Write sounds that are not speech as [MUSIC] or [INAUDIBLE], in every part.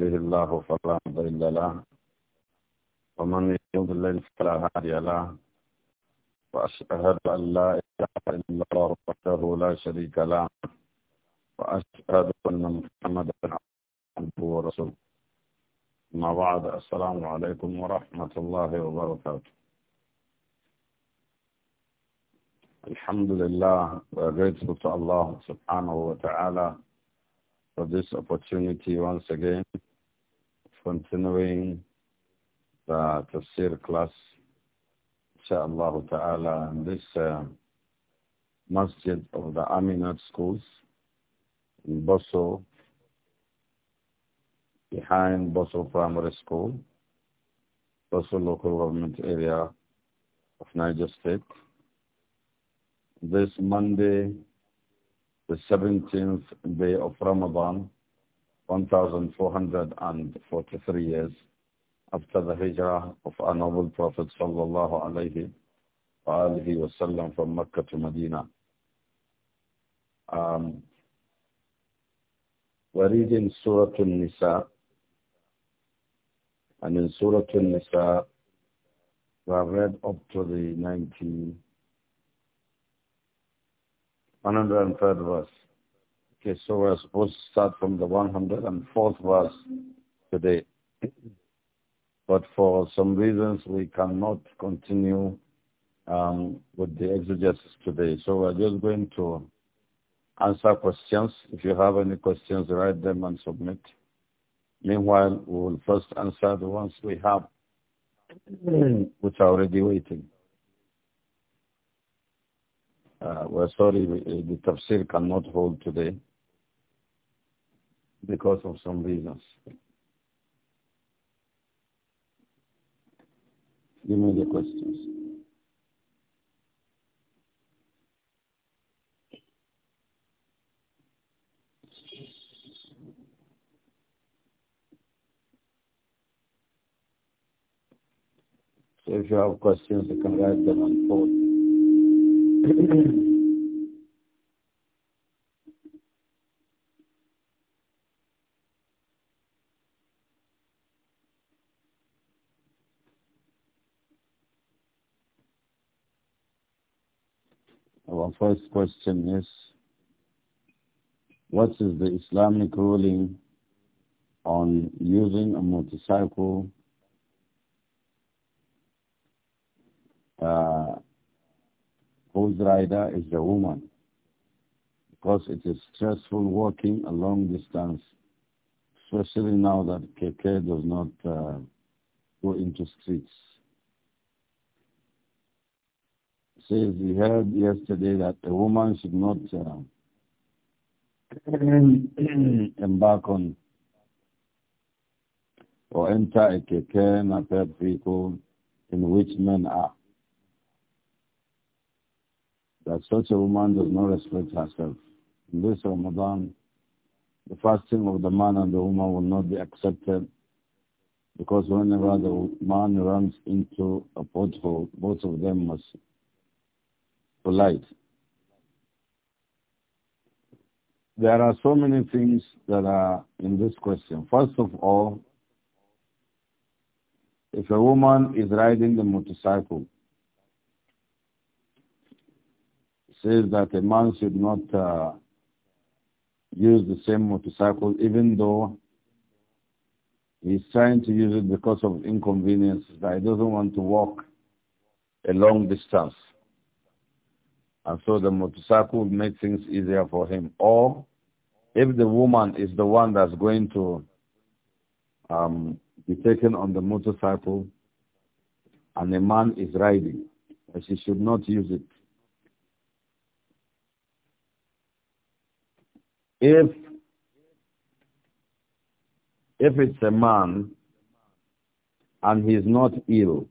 يهده الله فلا مضل له ومن يضلل فلا هادي له وأشهد أن لا إله إلا الله وحده لا شريك له وأشهد أن محمدا عبده ورسوله أما بعد السلام عليكم ورحمة الله وبركاته Alhamdulillah, we are grateful to Allah subhanahu wa ta'ala for this opportunity once again continuing the tafsir class, inshaAllah ta'ala, in this uh, masjid of the Aminat schools in Boso, behind Boso Primary School, Boso local government area of Niger State. This Monday, the 17th day of Ramadan, 1,443 years after the hijrah of our noble Prophet sallallahu alayhi wa alihi wasallam from Mecca to Medina. Um, we're reading Surah al nisa and in Surah al nisa we have read up to the 19, 103rd verse. Okay, so we're supposed to start from the 104th verse today. But for some reasons, we cannot continue um, with the exegesis today. So we're just going to answer questions. If you have any questions, write them and submit. Meanwhile, we will first answer the ones we have, [CLEARS THROAT] which are already waiting. Uh, we're sorry, the tafsir cannot hold today because of some reasons. Give me the questions. So if you have questions, you can write them on board. [CLEARS THROAT] first question is, what is the Islamic ruling on using a motorcycle uh, whose rider is the woman? Because it is stressful walking a long distance, especially now that KK does not uh, go into streets. says he heard yesterday that a woman should not uh, [CLEARS THROAT] embark on or enter a keke third vehicle in which men are. That such a woman does not respect herself. In this Ramadan, the fasting of the man and the woman will not be accepted because whenever the man runs into a pothole, both of them must polite. There are so many things that are in this question. First of all, if a woman is riding the motorcycle, says that a man should not uh, use the same motorcycle even though he's trying to use it because of inconveniences that he doesn't want to walk a long distance. And so the motorcycle would make things easier for him. Or if the woman is the one that's going to um, be taken on the motorcycle and the man is riding, she should not use it. If if it's a man and he's not ill,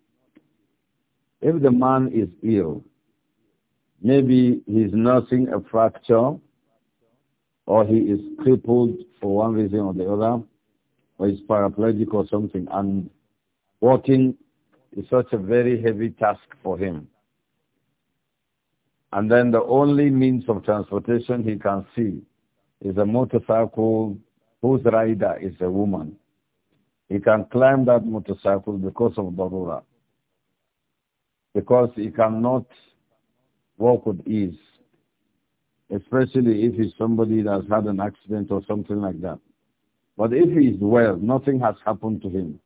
if the man is ill Maybe he's nursing a fracture or he is crippled for one reason or the other or he's paraplegic or something and walking is such a very heavy task for him. And then the only means of transportation he can see is a motorcycle whose rider is a woman. He can climb that motorcycle because of Barura. Because he cannot walk with ease, especially if he's somebody that's had an accident or something like that. But if he is well, nothing has happened to him.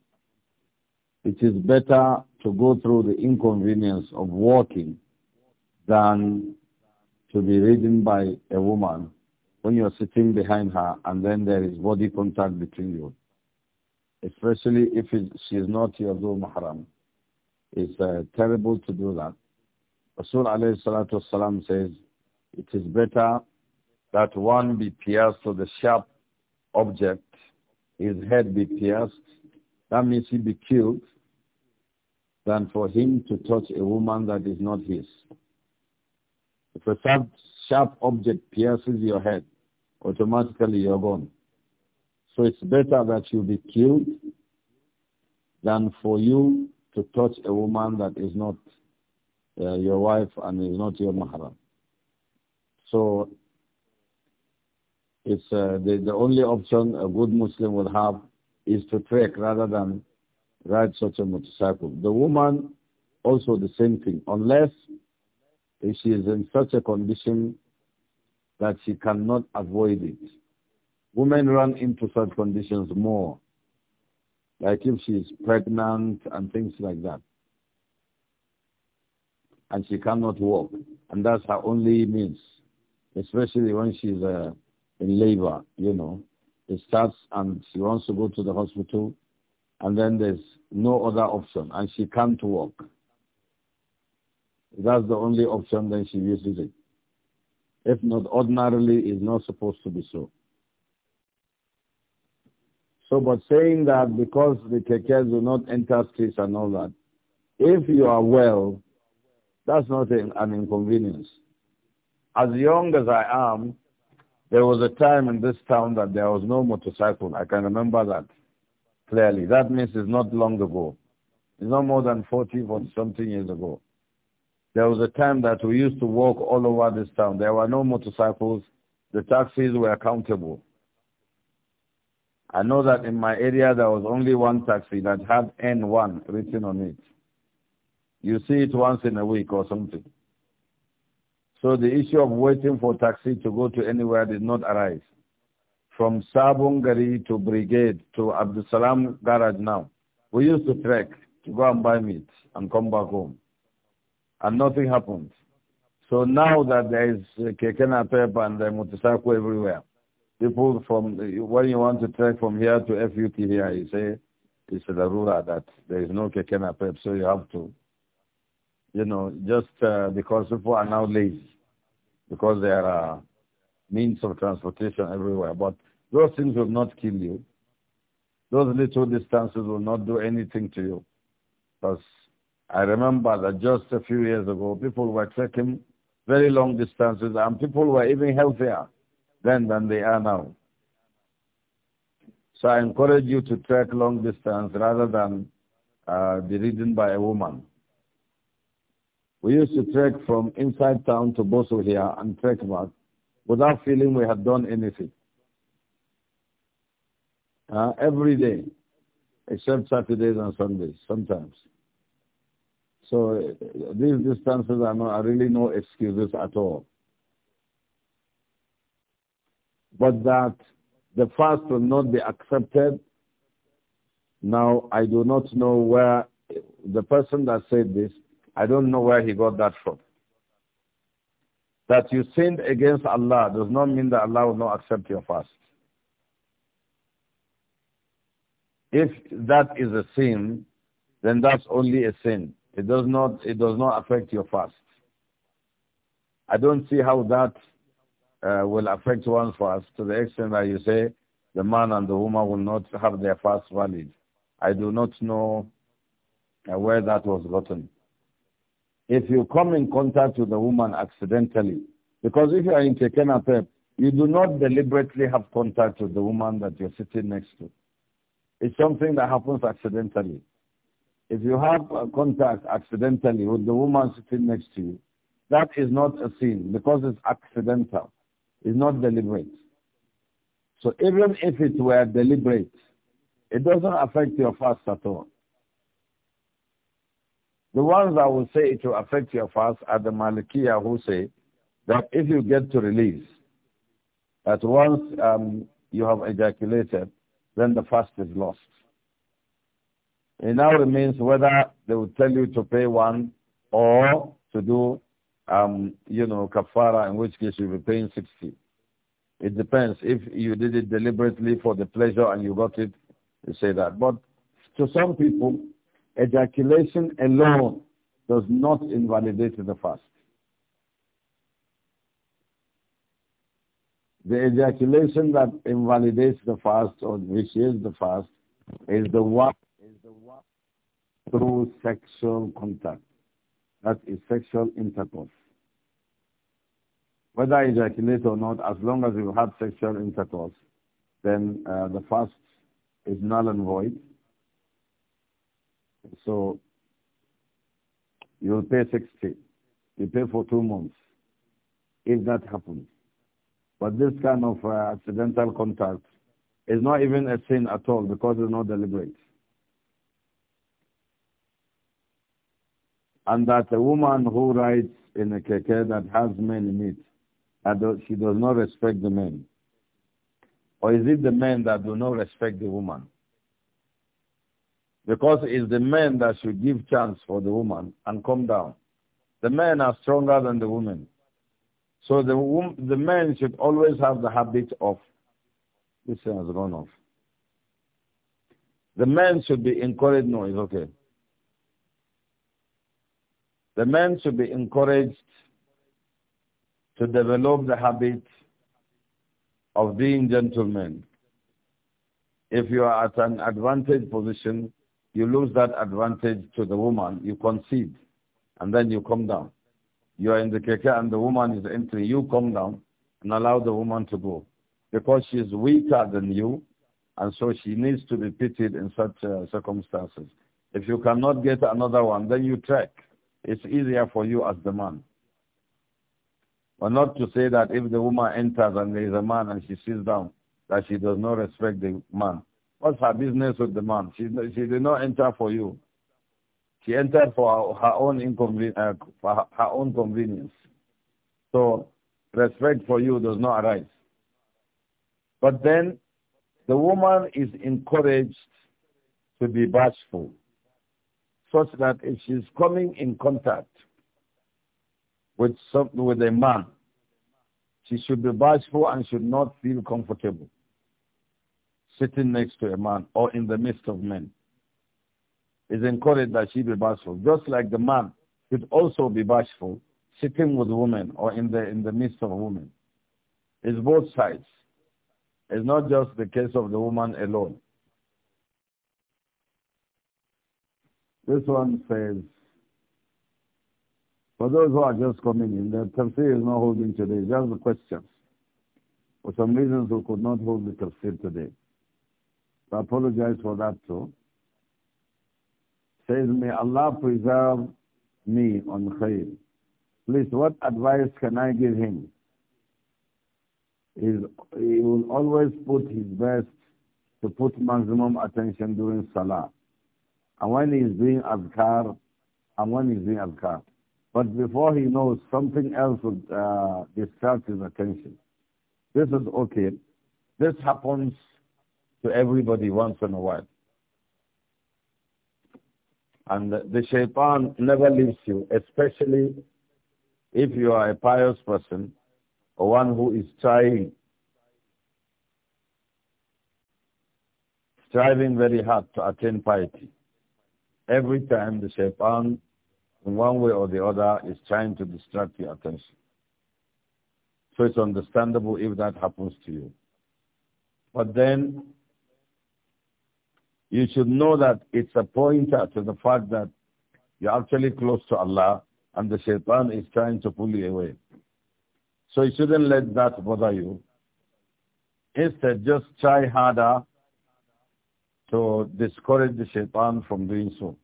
It is better to go through the inconvenience of walking than to be ridden by a woman when you're sitting behind her and then there is body contact between you. Especially if she's not your Dhul Mahram. It's uh, terrible to do that. Rasul alayhi salatu says, it is better that one be pierced to the sharp object, his head be pierced, that means he be killed, than for him to touch a woman that is not his. If a sharp, sharp object pierces your head, automatically you're gone. So it's better that you be killed than for you to touch a woman that is not uh, your wife and is not your mahram. So it's uh, the, the only option a good Muslim will have is to trek rather than ride such a motorcycle. The woman also the same thing, unless she is in such a condition that she cannot avoid it. Women run into such conditions more, like if she is pregnant and things like that and she cannot walk. And that's her only means, especially when she's uh, in labor, you know. It starts and she wants to go to the hospital and then there's no other option and she can't walk. That's the only option then she uses it. If not, ordinarily is not supposed to be so. So, but saying that because the kekes do not enter streets and all that, if you are well, that's not an inconvenience. As young as I am, there was a time in this town that there was no motorcycle. I can remember that clearly. That means it's not long ago. It's not more than 40, 40 something years ago. There was a time that we used to walk all over this town. There were no motorcycles. The taxis were accountable. I know that in my area there was only one taxi that had N1 written on it. You see it once in a week or something. So the issue of waiting for taxi to go to anywhere did not arise. From Sabungari to Brigade to Abdusalam Garage now, we used to trek to go and buy meat and come back home. And nothing happened. So now that there is Kekena Pep and the motorcycle everywhere, people from, when you want to trek from here to FUT here, you say, it's a ruler that there is no Kekena Pep, so you have to you know, just uh, because people are now lazy, because there are means of transportation everywhere. But those things will not kill you. Those little distances will not do anything to you. Because I remember that just a few years ago, people were trekking very long distances and people were even healthier then than they are now. So I encourage you to trek long distance rather than uh, be ridden by a woman. We used to trek from inside town to Boso here and trek back without feeling we had done anything. Uh, every day, except Saturdays and Sundays, sometimes. So uh, these distances are, no, are really no excuses at all. But that the fast will not be accepted. Now, I do not know where the person that said this, I don't know where he got that from. That you sinned against Allah does not mean that Allah will not accept your fast. If that is a sin, then that's only a sin. It does not, it does not affect your fast. I don't see how that uh, will affect one's fast to the extent that you say the man and the woman will not have their fast valid. I do not know uh, where that was gotten if you come in contact with a woman accidentally, because if you are in Tekena Pep, you do not deliberately have contact with the woman that you're sitting next to. It's something that happens accidentally. If you have contact accidentally with the woman sitting next to you, that is not a sin because it's accidental. It's not deliberate. So even if it were deliberate, it doesn't affect your fast at all. The ones that will say it will affect your fast are the Malikiya who say that if you get to release, that once um, you have ejaculated, then the fast is lost. It now remains whether they will tell you to pay one or to do, um, you know, kafara, in which case you'll be paying 60. It depends. If you did it deliberately for the pleasure and you got it, you say that. But to some people, ejaculation alone does not invalidate the fast. The ejaculation that invalidates the fast or vitiates the fast is the one, is the one through sexual contact. That is sexual intercourse. Whether I ejaculate or not, as long as you've sexual intercourse, then uh, the fast is null and void so you'll pay 60. You pay for two months if that happens. But this kind of uh, accidental contact is not even a sin at all because it's not deliberate. And that a woman who rides in a keke that has men in it, she does not respect the men. Or is it the men that do not respect the woman? Because it's the men that should give chance for the woman and come down. The men are stronger than the women. So the, the men should always have the habit of, this thing has gone off. The men should be encouraged, no, it's okay. The men should be encouraged to develop the habit of being gentlemen. If you are at an advantage position, you lose that advantage to the woman, you concede, and then you come down. You are in the keke and the woman is entering, you come down and allow the woman to go. Because she is weaker than you, and so she needs to be pitied in such uh, circumstances. If you cannot get another one, then you trek. It's easier for you as the man. But not to say that if the woman enters and there is a man and she sits down, that she does not respect the man. What's her business with the man? She, she did not enter for you. She entered for her, own uh, for her, her own convenience. So respect for you does not arise. But then the woman is encouraged to be bashful, such that if she's coming in contact with some, with a man, she should be bashful and should not feel comfortable sitting next to a man or in the midst of men. It's encouraged that she be bashful. Just like the man should also be bashful, sitting with women or in the, in the midst of women. It's both sides. It's not just the case of the woman alone. This one says, for those who are just coming in, the tafsir is not holding today, just the questions. For some reasons we could not hold the tafsir today. I apologize for that too. Says, may Allah preserve me on khair. Please, what advice can I give him? He's, he will always put his best to put maximum attention during salah. And when he's doing adhkar, and when he's doing adhkar. But before he knows, something else would uh, distract his attention. This is okay. This happens to everybody once in a while. And the shaitan never leaves you, especially if you are a pious person or one who is trying, striving very hard to attain piety. Every time the shaitan, in one way or the other, is trying to distract your attention. So it's understandable if that happens to you. But then you should know that it's a pointer to the fact that you're actually close to Allah and the shaitan is trying to pull you away. So you shouldn't let that bother you. Instead, just try harder to discourage the shaitan from doing so.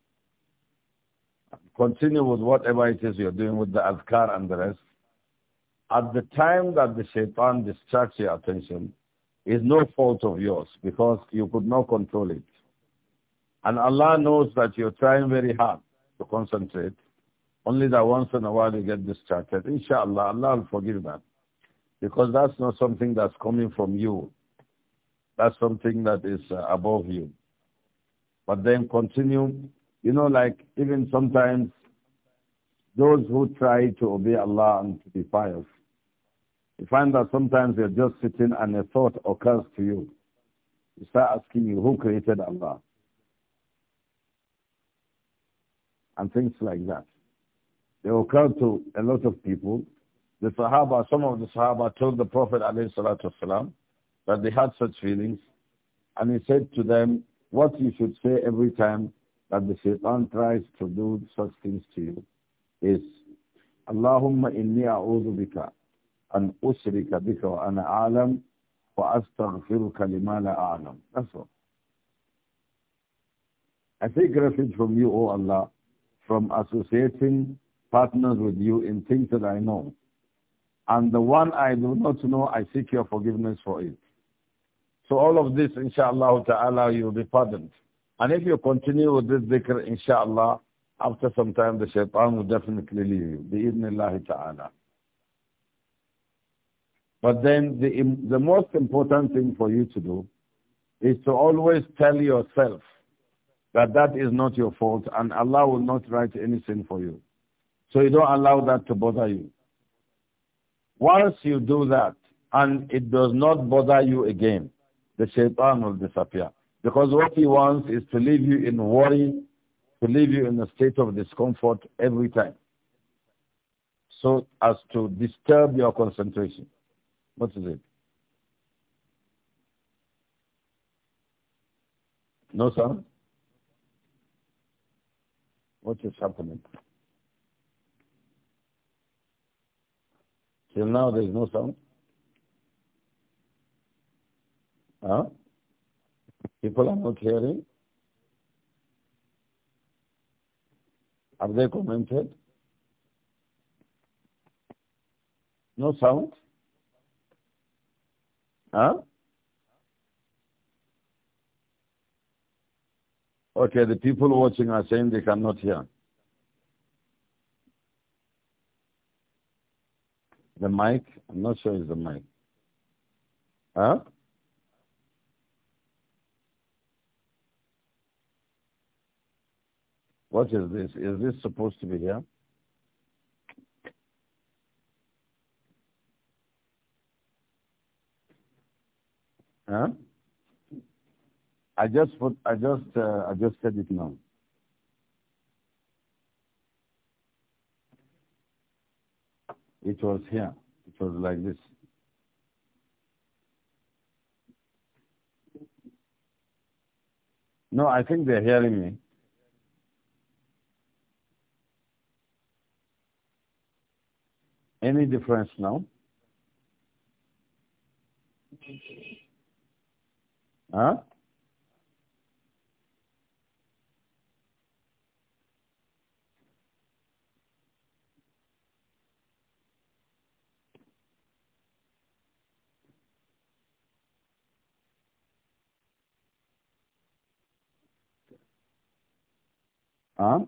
Continue with whatever it is you're doing with the adhkar and the rest. At the time that the shaitan distracts your attention, is no fault of yours because you could not control it. And Allah knows that you're trying very hard to concentrate. Only that once in a while you get distracted. Inshallah, Allah will forgive that. Because that's not something that's coming from you. That's something that is uh, above you. But then continue. You know, like even sometimes those who try to obey Allah and to be pious, you find that sometimes you're just sitting and a thought occurs to you. You start asking you, who created Allah? and things like that. They occurred to a lot of people. The Sahaba, some of the Sahaba told the Prophet والسلام, that they had such feelings. And he said to them, what you should say every time that the shaitan tries to do such things to you is, Allahumma inni a'udhu bika an usrika bika wa ana a'lam wa astaghfiruka lima la a'lam. That's all. I take refuge from you, O Allah, from associating partners with you in things that I know. And the one I do not know, I seek your forgiveness for it. So all of this, inshallah ta'ala, you'll be pardoned. And if you continue with this dhikr, inshallah, after some time the shaitan will definitely leave you. Bi-idhnillahi ta'ala. But then the, the most important thing for you to do is to always tell yourself that that is not your fault and Allah will not write anything for you. So you don't allow that to bother you. Once you do that and it does not bother you again, the shaitan will disappear. Because what he wants is to leave you in worry, to leave you in a state of discomfort every time. So as to disturb your concentration. What is it? No sound? what is happening? Till now there is no sound. Huh? People are not hearing. Have they commented? No sound? Huh? Okay, the people watching are saying they cannot hear. The mic? I'm not sure it's the mic. Huh? What is this? Is this supposed to be here? Huh? I just put, I just uh, said it now. It was here. It was like this. No, I think they're hearing me. Any difference now? Huh? Huh?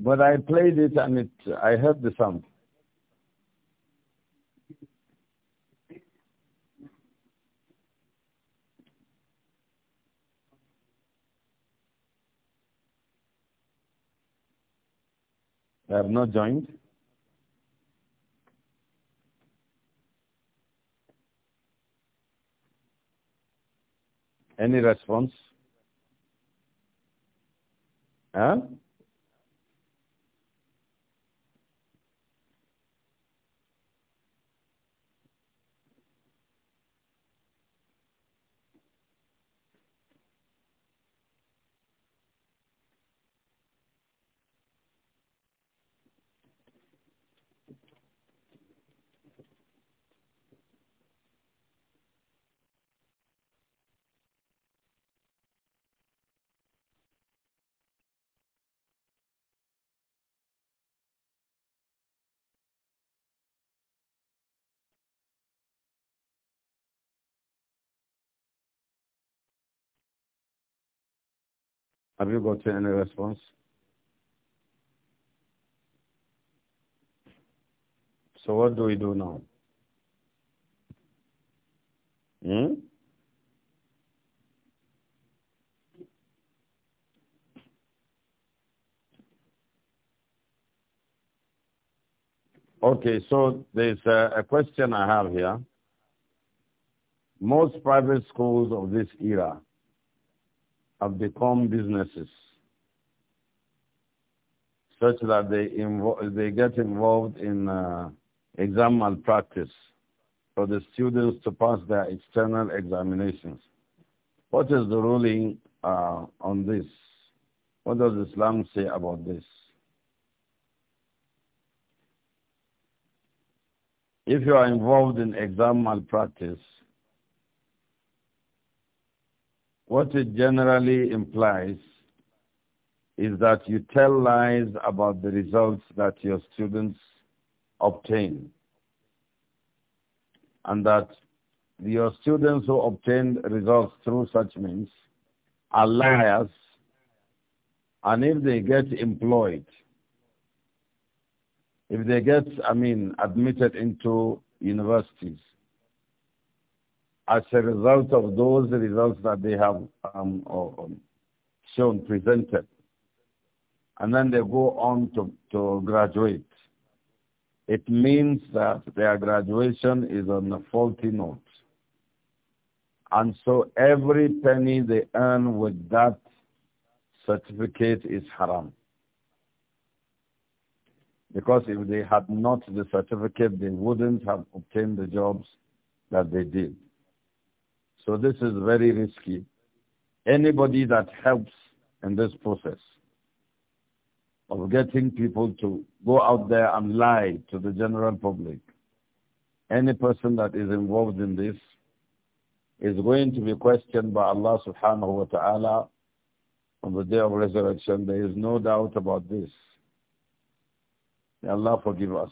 But I played it and it, I heard the sound. I have not joined. Any response? Huh? Have you got any response? So what do we do now? Hmm? Okay, so there's a, a, question I have here. Most private schools of this era have become businesses such that they, they get involved in uh, exam malpractice for the students to pass their external examinations. What is the ruling uh, on this? What does Islam say about this? If you are involved in exam malpractice, What it generally implies is that you tell lies about the results that your students obtain. And that your students who obtain results through such means are liars. And if they get employed, if they get, I mean, admitted into universities, as a result of those results that they have um, um, shown, presented. And then they go on to, to graduate. It means that their graduation is on a faulty note. And so every penny they earn with that certificate is haram. Because if they had not the certificate, they wouldn't have obtained the jobs that they did. So this is very risky. Anybody that helps in this process of getting people to go out there and lie to the general public, any person that is involved in this is going to be questioned by Allah subhanahu wa ta'ala on the day of resurrection. There is no doubt about this. May Allah forgive us.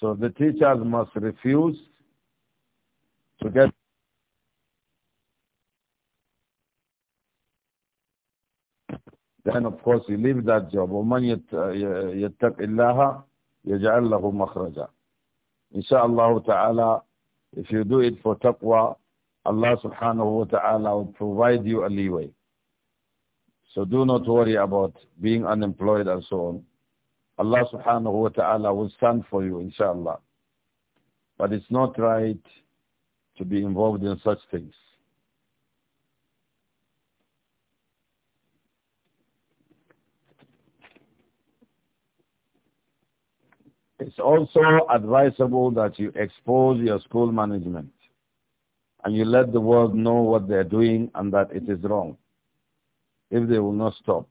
So the teachers must refuse to get and of course you leave that job. وَمَنْ يَتَّقِ اللَّهَ يَجْعَلْ لَهُ مَخْرَجًا Insha'Allah ta'ala, if you do it for taqwa, Allah subhanahu wa ta'ala will provide you a leeway. So do not worry about being unemployed and so on. Allah subhanahu wa ta'ala will stand for you, inshallah. But it's not right to be involved in such things. It's also advisable that you expose your school management and you let the world know what they're doing and that it is wrong if they will not stop.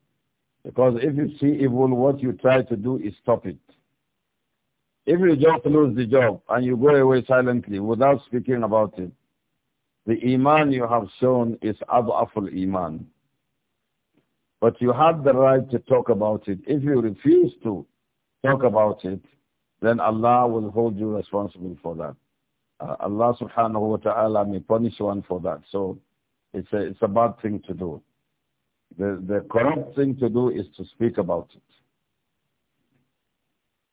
Because if you see evil, what you try to do is stop it. If you just lose the job and you go away silently without speaking about it, the iman you have shown is abaful iman. But you have the right to talk about it. If you refuse to talk about it, then Allah will hold you responsible for that. Uh, Allah subhanahu wa ta'ala may punish one for that. So it's a, it's a bad thing to do. The, the correct thing to do is to speak about it.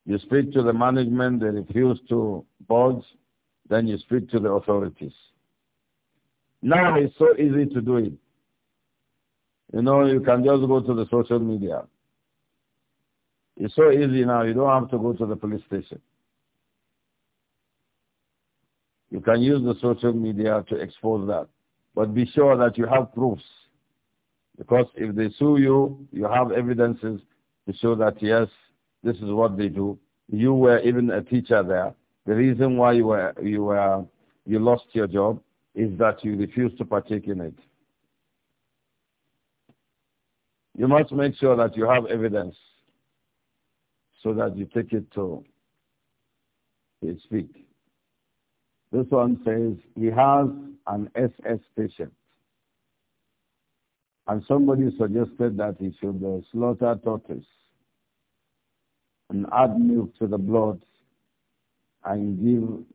You speak to the management, they refuse to budge, then you speak to the authorities. Now it's so easy to do it. You know, you can just go to the social media. It's so easy now, you don't have to go to the police station. You can use the social media to expose that. But be sure that you have proofs. Because if they sue you, you have evidences to show that, yes, this is what they do. You were even a teacher there. The reason why you, were, you, were, you lost your job is that you refused to partake in it. You must make sure that you have evidence so that you take it to his feet. This one says he has an SS patient. And somebody suggested that he should uh, slaughter tortoise and add milk to the blood and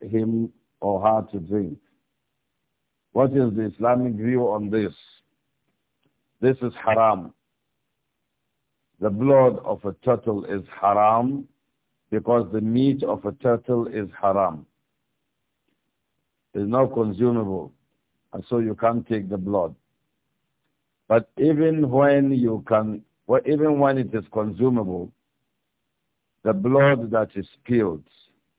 give him or her to drink. What is the Islamic view on this? This is haram. The blood of a turtle is haram because the meat of a turtle is haram. It's not consumable, and so you can't take the blood. But even when you can, well, even when it is consumable, the blood that is spilled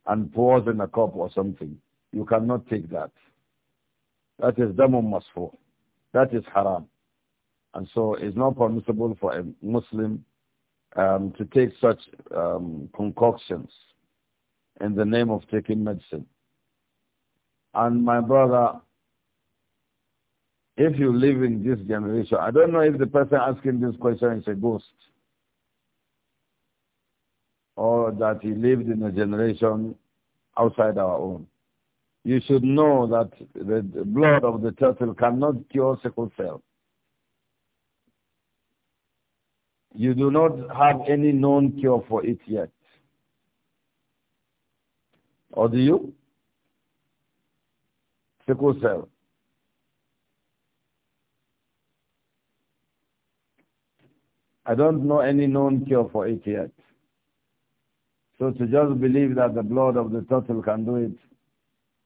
and poured in a cup or something, you cannot take that. That is damun masfu. That is haram. And so it's not permissible for a Muslim um, to take such um, concoctions in the name of taking medicine. And my brother, if you live in this generation, I don't know if the person asking this question is a ghost or that he lived in a generation outside our own. You should know that the blood of the turtle cannot cure sickle cell. You do not have any known cure for it yet. Or do you? Sickle cell. I don't know any known cure for it yet. So to just believe that the blood of the turtle can do it,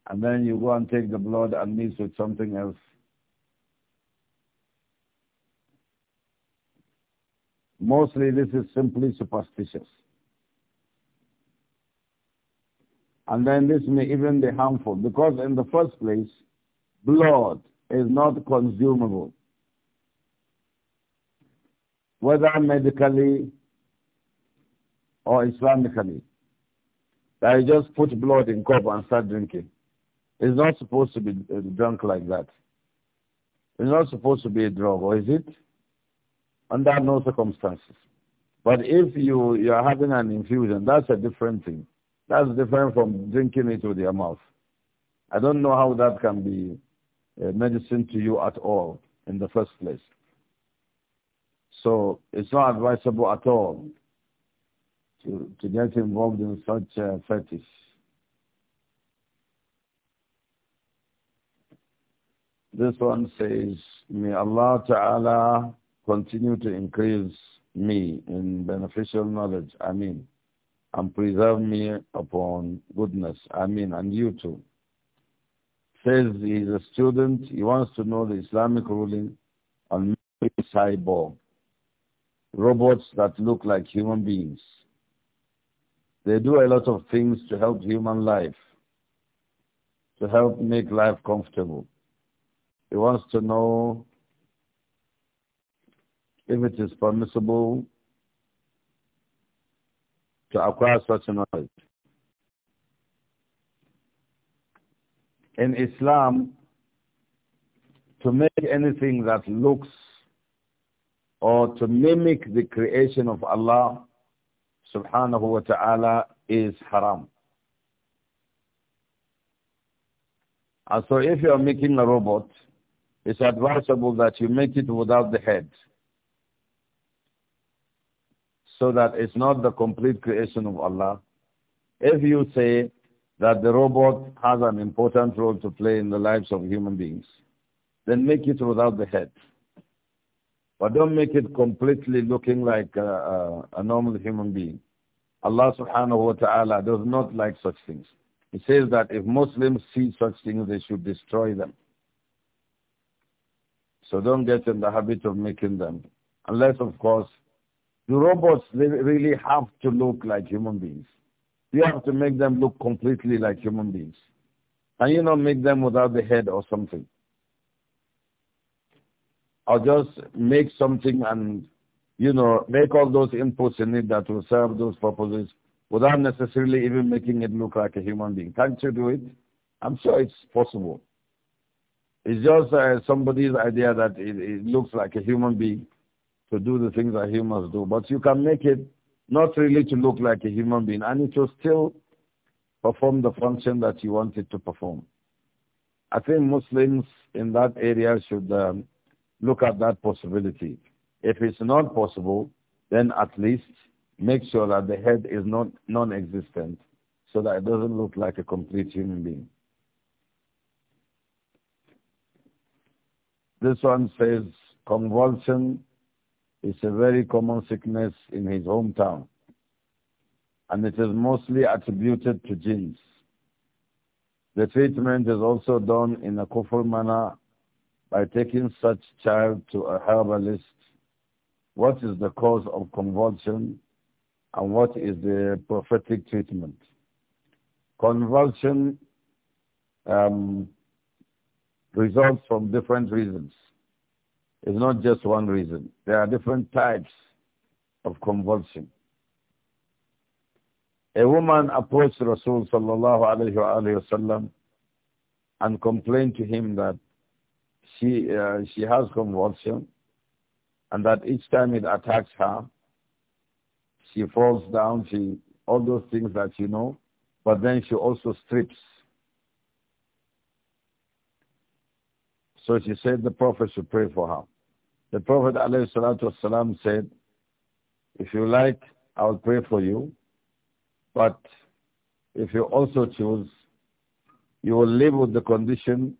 and then you go and take the blood and mix with something else, Mostly this is simply superstitious. And then this may even be harmful because in the first place, blood is not consumable. Whether medically or Islamically. That you just put blood in cup and start drinking. It's not supposed to be uh, drunk like that. It's not supposed to be a drug, or is it? under no circumstances. But if you, you are having an infusion, that's a different thing. That's different from drinking it with your mouth. I don't know how that can be uh, medicine to you at all in the first place. So it's not advisable at all to, to get involved in such a fetish. This one says, May Allah Ta'ala continue to increase me in beneficial knowledge, I mean, and preserve me upon goodness, I mean, and you too. Says he's a student, he wants to know the Islamic ruling on cyborg, robots that look like human beings. They do a lot of things to help human life, to help make life comfortable. He wants to know if it is permissible to acquire such knowledge. In Islam, to make anything that looks or to mimic the creation of Allah subhanahu wa ta'ala is haram. And so if you are making a robot, it's advisable that you make it without the head so that it's not the complete creation of Allah. If you say that the robot has an important role to play in the lives of human beings, then make it without the head. But don't make it completely looking like a, a, a normal human being. Allah subhanahu wa ta'ala does not like such things. He says that if Muslims see such things, they should destroy them. So don't get in the habit of making them. Unless, of course, the robots really have to look like human beings. You have to make them look completely like human beings. And you not make them without the head or something. Or just make something and, you know, make all those inputs in it that will serve those purposes without necessarily even making it look like a human being. Can't you do it? I'm sure it's possible. It's just uh, somebody's idea that it, it looks like a human being to do the things that humans do. But you can make it not really to look like a human being, and it will still perform the function that you want it to perform. I think Muslims in that area should um, look at that possibility. If it's not possible, then at least make sure that the head is not non-existent so that it doesn't look like a complete human being. This one says convulsion it's a very common sickness in his hometown. And it is mostly attributed to genes. The treatment is also done in a kufr manner by taking such child to a herbalist. What is the cause of convulsion and what is the prophetic treatment? Convulsion um, results from different reasons. It's not just one reason. There are different types of convulsion. A woman approached Rasul sallallahu alayhi and complained to him that she, uh, she has convulsion and that each time it attacks her, she falls down, she, all those things that you know, but then she also strips. So she said the Prophet should pray for her. The Prophet والسلام, said, if you like, I'll pray for you, but if you also choose, you will live with the condition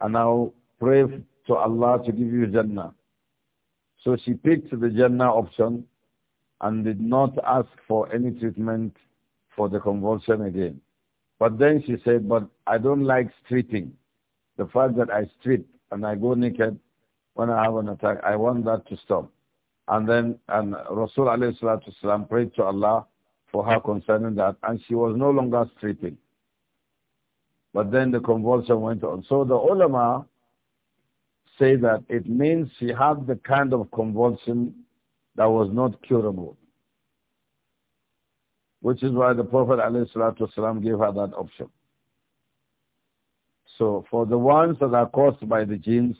and I'll pray to Allah to give you Jannah. So she picked the Jannah option and did not ask for any treatment for the convulsion again. But then she said, but I don't like stripping. The fact that I strip and I go naked when I have an attack, I want that to stop. And then and Rasul والسلام, prayed to Allah for her concerning that, and she was no longer sleeping. But then the convulsion went on. So the ulama say that it means she had the kind of convulsion that was not curable. Which is why the Prophet ﷺ gave her that option. So for the ones that are caused by the genes,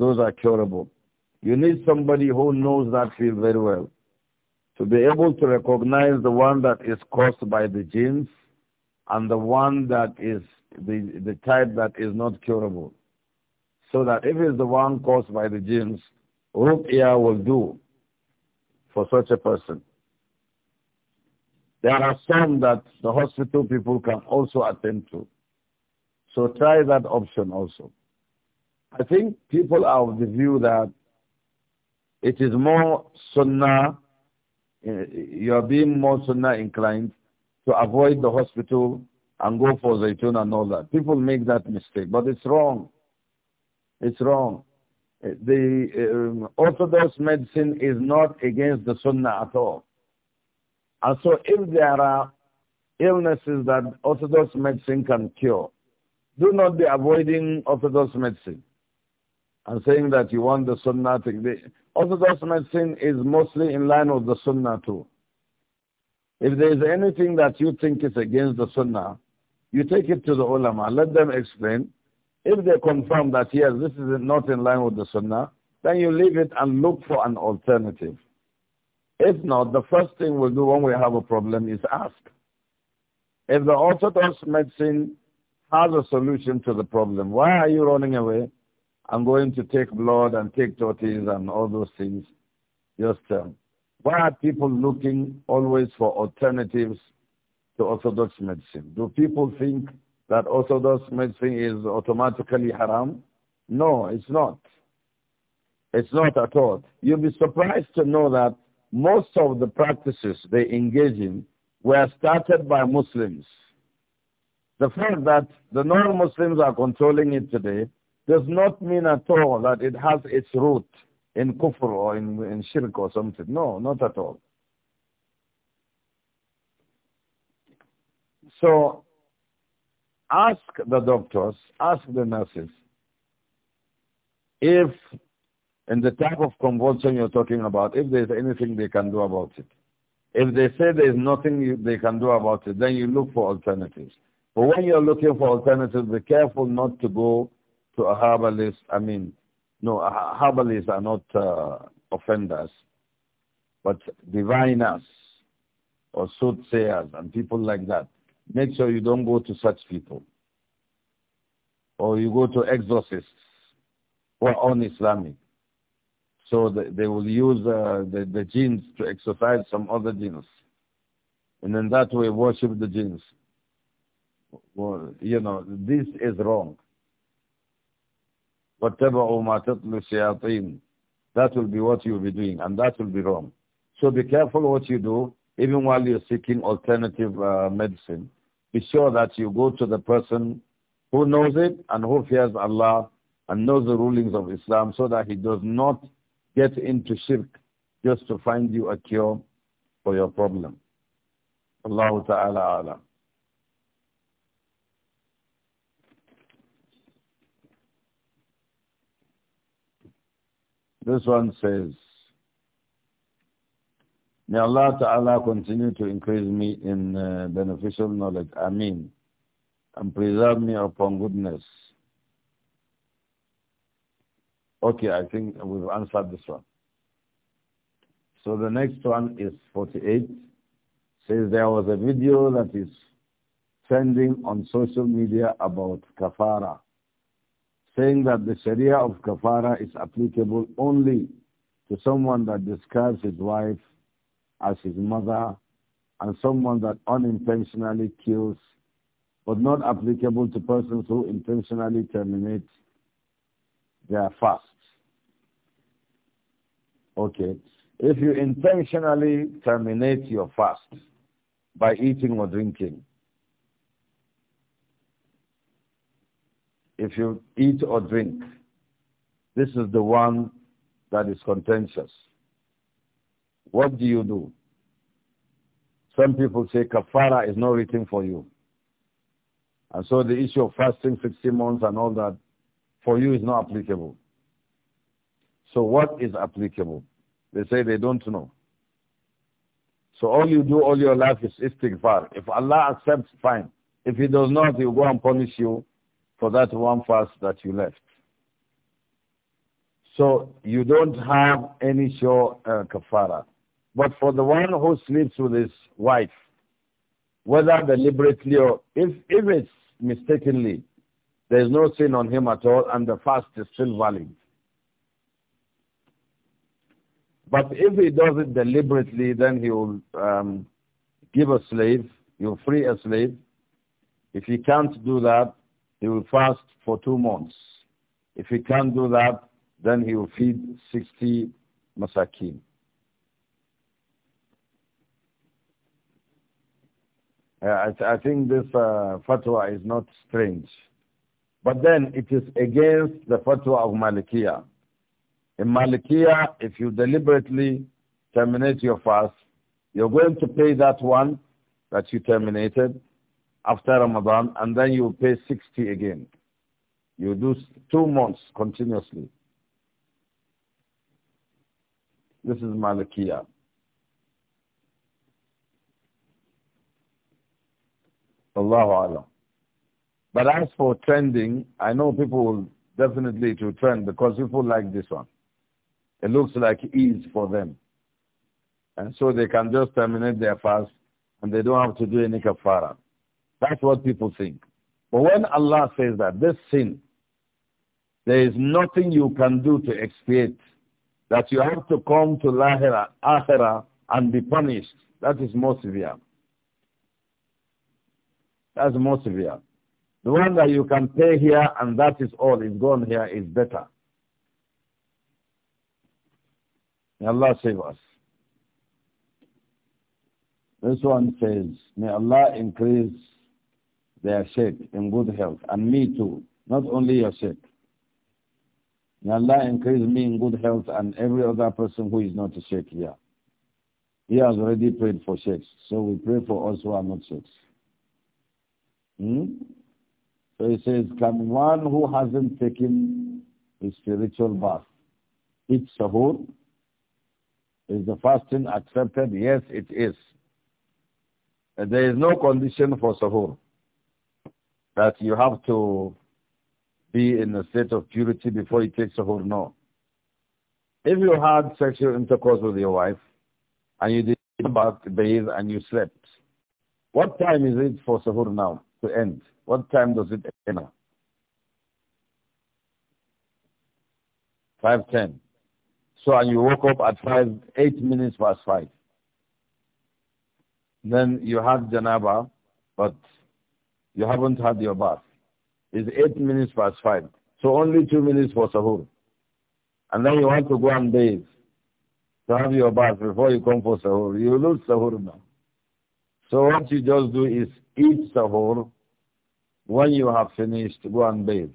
those are curable. You need somebody who knows that field very well to be able to recognize the one that is caused by the genes and the one that is the, the type that is not curable. So that if it's the one caused by the genes, Ruqya will do for such a person. There are some that the hospital people can also attend to. So try that option also. I think people are of the view that it is more sunnah, eh, you're being more sunnah inclined to avoid the hospital and go for Zaytun and all that. People make that mistake, but it's wrong. It's wrong. Eh, the um, orthodox medicine is not against the sunnah at all. And so if there are illnesses that orthodox medicine can cure, do not be avoiding orthodox medicine and saying that you want the sunnah to be... Orthodox medicine is mostly in line with the sunnah too. If there is anything that you think is against the sunnah, you take it to the ulama, let them explain. If they confirm that, yes, this is not in line with the sunnah, then you leave it and look for an alternative. If not, the first thing we'll do when we have a problem is ask. If the orthodox medicine has a solution to the problem, why are you running away? I'm going to take blood and take tortoises and all those things. Just uh, why are people looking always for alternatives to orthodox medicine? Do people think that orthodox medicine is automatically haram? No, it's not. It's not at all. You'll be surprised to know that most of the practices they engage in were started by Muslims. The fact that the non-Muslims are controlling it today does not mean at all that it has its root in kufr or in, in shirk or something. No, not at all. So ask the doctors, ask the nurses, if in the type of convulsion you're talking about, if there's anything they can do about it. If they say there's nothing you, they can do about it, then you look for alternatives. But when you're looking for alternatives, be careful not to go to a herbalist, I mean, no, herbalists are not uh, offenders, but diviners or soothsayers and people like that. Make sure you don't go to such people. Or you go to exorcists who are un-Islamic. So the, they will use uh, the, the jinns to exorcise some other genes. And in that way worship the genes. Well, you know, this is wrong. وَاتَّبَعُوا مَا تَطْلُ الشَّيَاطِينَ That will be what you'll be doing, and that will be wrong. So be careful what you do, even while you're seeking alternative uh, medicine. Be sure that you go to the person who knows it and who fears Allah and knows the rulings of Islam so that he does not get into shirk just to find you a cure for your problem. Allah Ta'ala Alam. This one says, May Allah Ta'ala continue to increase me in uh, beneficial knowledge. Ameen. And preserve me upon goodness. Okay, I think we've answered this one. So the next one is 48. Says there was a video that is trending on social media about kafara saying that the Sharia of kafara is applicable only to someone that describes his wife as his mother and someone that unintentionally kills, but not applicable to persons who intentionally terminate their fast. Okay. If you intentionally terminate your fast by eating or drinking, if you eat or drink. This is the one that is contentious. What do you do? Some people say kafara is not written for you. And so the issue of fasting 60 months and all that for you is not applicable. So what is applicable? They say they don't know. So all you do all your life is istighfar. If Allah accepts, fine. If he does not, he'll go and punish you for that one fast that you left. So you don't have any sure uh, kafara. But for the one who sleeps with his wife, whether deliberately or if, if it's mistakenly, there is no sin on him at all and the fast is still valid. But if he does it deliberately, then he will um, give a slave, he will free a slave. If he can't do that, he will fast for two months. If he can't do that, then he will feed 60 masakin. Uh, I, th I, think this uh, fatwa is not strange. But then it is against the fatwa of Malikiya. In Malikiya, if you deliberately terminate your fast, you're going to pay that one that you terminated, after Ramadan and then you pay 60 again. You do two months continuously. This is Malikiya. Allahu Alam. But as for trending, I know people will definitely to trend because people like this one. It looks like ease for them. And so they can just terminate their fast and they don't have to do any kafara. That's what people think. But when Allah says that this sin, there is nothing you can do to expiate, that you have to come to lahira, akhira, and be punished, that is more severe. That's more severe. The one that you can pay here and that is all is gone here is better. May Allah save us. This one says, may Allah increase they are sick in good health, and me too, not only sick. May Allah increase me in good health and every other person who is not sick here. He has already prayed for sick, so we pray for us who are not sick. Hmm? So he says, can one who hasn't taken his spiritual bath eat sahur? Is the fasting accepted? Yes, it is. There is no condition for sahur that you have to be in a state of purity before you take suhoor. No. If you had sexual intercourse with your wife and you did bath, bathe and you slept, what time is it for Sahur now to end? What time does it end now? 5.10. So and you woke up at 5, 8 minutes past 5. Then you had janaba, but you haven't had your bath. It's eight minutes past five. So only two minutes for sahur. And then you want to go and bathe to have your bath before you come for sahur. You lose sahur now. So what you just do is eat sahur. When you have finished, go and bathe.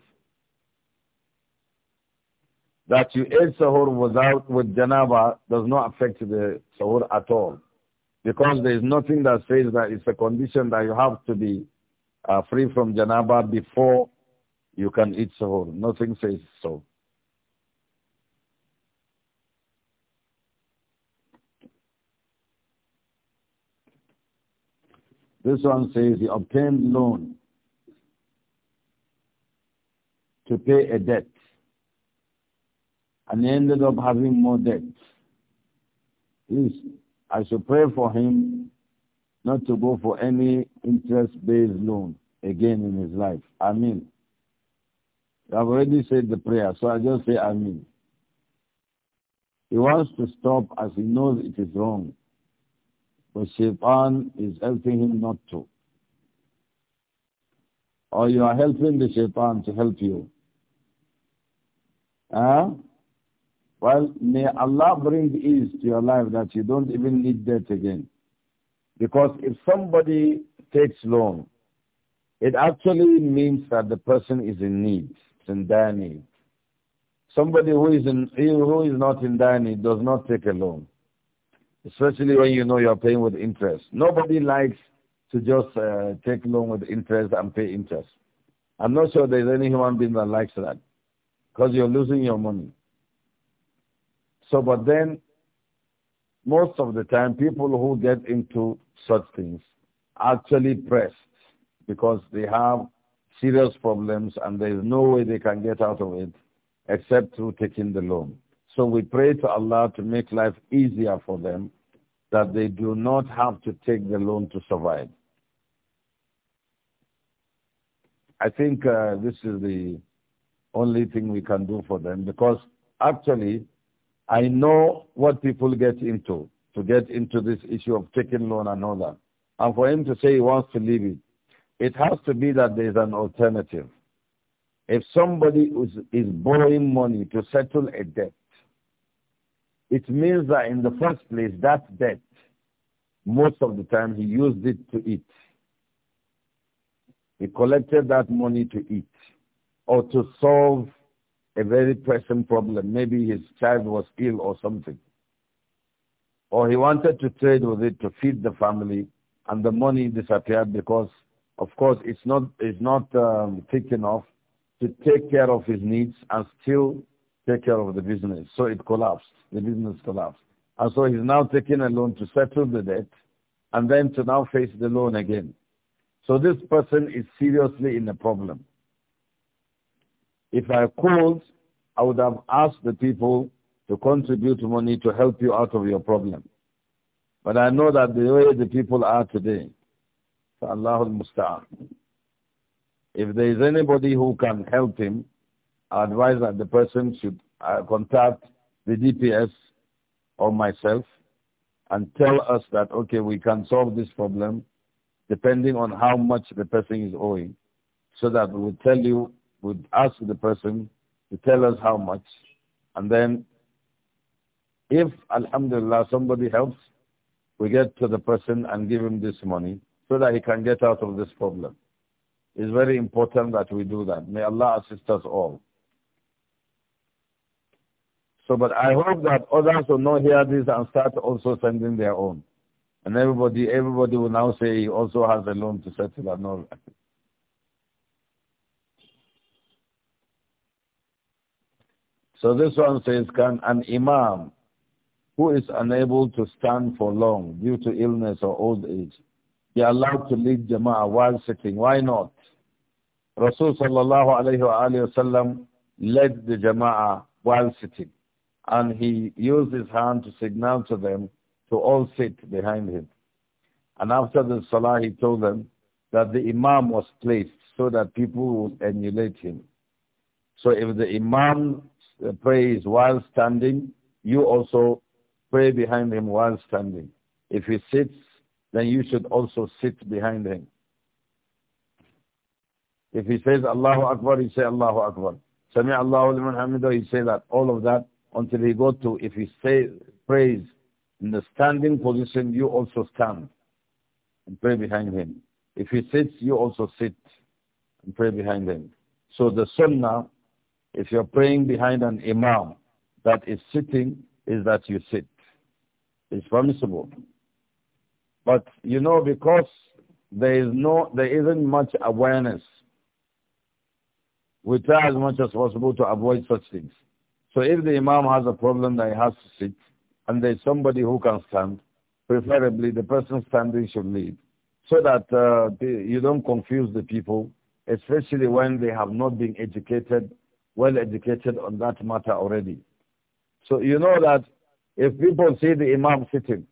That you ate sahur without, with janaba does not affect the sahur at all. Because there is nothing that says that it's a condition that you have to be are free from janaba before you can eat suhoor. Nothing says so. This one says he obtained loan to pay a debt and he ended up having more debt. Please, I should pray for him not to go for any interest-based loan again in his life. Amen. I've already said the prayer, so I just say Amen. He wants to stop as he knows it is wrong. But Shaitan is helping him not to. Or you are helping the Shaitan to help you. Huh? Well, may Allah bring ease to your life that you don't even need debt again. Because if somebody takes loan, it actually means that the person is in need, it's in dire need. Somebody who is, in, who is not in dire need does not take a loan, especially when you know you're paying with interest. Nobody likes to just uh, take loan with interest and pay interest. I'm not sure there's any human being that likes that because you're losing your money. So, but then most of the time people who get into such things actually press because they have serious problems and there is no way they can get out of it except through taking the loan. So we pray to Allah to make life easier for them that they do not have to take the loan to survive. I think uh, this is the only thing we can do for them because actually I know what people get into, to get into this issue of taking loan and all that. And for him to say he wants to leave it, it has to be that there is an alternative. If somebody is, is borrowing money to settle a debt, it means that in the first place, that debt, most of the time, he used it to eat. He collected that money to eat or to solve a very pressing problem. Maybe his child was ill or something. Or he wanted to trade with it to feed the family, and the money disappeared because, of course, it's not, it's not um, thick enough to take care of his needs and still take care of the business. So it collapsed. The business collapsed. And so he's now taking a loan to settle the debt and then to now face the loan again. So this person is seriously in a problem. If I could, I would have asked the people to contribute money to help you out of your problem. But I know that the way the people are today, Allah al-Musta'an. If there is anybody who can help him, I advise that the person should uh, contact the DPS or myself and tell us that, okay, we can solve this problem depending on how much the person is owing so that we will tell you would ask the person to tell us how much. And then if, alhamdulillah, somebody helps, we get to the person and give him this money so that he can get out of this problem. It's very important that we do that. May Allah assist us all. So, but I hope that others will not hear this and start also sending their own. And everybody, everybody will now say he also has a loan to settle and all that. So this one says, can an imam who is unable to stand for long due to illness or old age be allowed to lead jama'ah while sitting? Why not? Rasul sallallahu alayhi wa sallam led the jama'ah while sitting. And he used his hand to signal to them to all sit behind him. And after the salah, he told them that the imam was placed so that people would emulate him. So if the imam uh, prays while standing, you also pray behind him while standing. If he sits, then you should also sit behind him. If he says Allahu Akbar, you say Allahu Akbar. Sami Allahu liman hamidah, you say that, all of that, until he go to, if he say, prays in the standing position, you also stand and pray behind him. If he sits, you also sit and pray behind him. So the sunnah if you're praying behind an imam that is sitting, is that you sit. It's permissible. But, you know, because there is no, there isn't much awareness, we try as much as possible to avoid such things. So if the imam has a problem that he has to sit, and there's somebody who can stand, preferably the person standing should lead, so that uh, you don't confuse the people, especially when they have not been educated well educated on that matter already. So you know that if people see the imam sitting,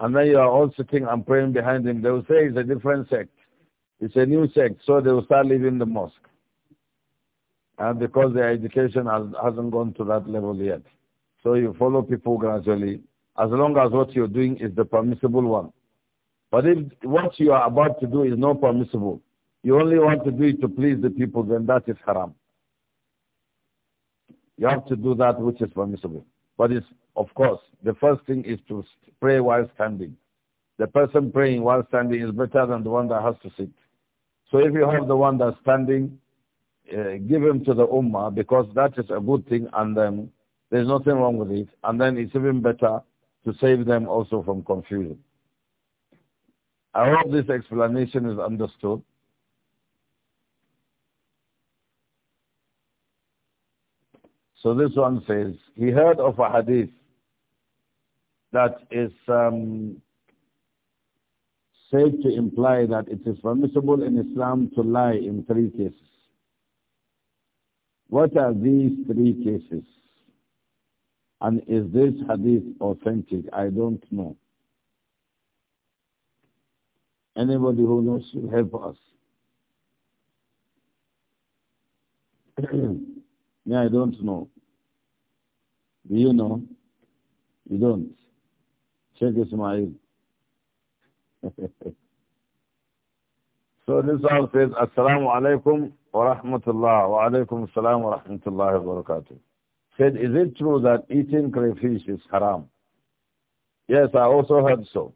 and then you are all sitting and praying behind him, they will say it's a different sect. It's a new sect, so they will start leaving the mosque. And because their education has, hasn't gone to that level yet. So you follow people gradually, as long as what you're doing is the permissible one. But if what you are about to do is not permissible, you only want to do it to please the people, then that is haram. You have to do that which is permissible. But it's, of course, the first thing is to pray while standing. The person praying while standing is better than the one that has to sit. So if you have the one that's standing, uh, give him to the ummah because that is a good thing and then there's nothing wrong with it. And then it's even better to save them also from confusion. I hope this explanation is understood. So this one says, he heard of a hadith that is um, said to imply that it is permissible in Islam to lie in three cases. What are these three cases? And is this hadith authentic? I don't know. Anybody who knows should help us. [CLEARS THROAT] Me, I don't know. Do you know? You don't. Check smile. [LAUGHS] so this all says, Assalamu alaikum wa rahmatullah wa alaikum wa rahmatullah wa barakatuh. Said, is it true that eating crayfish is haram? Yes, I also heard so.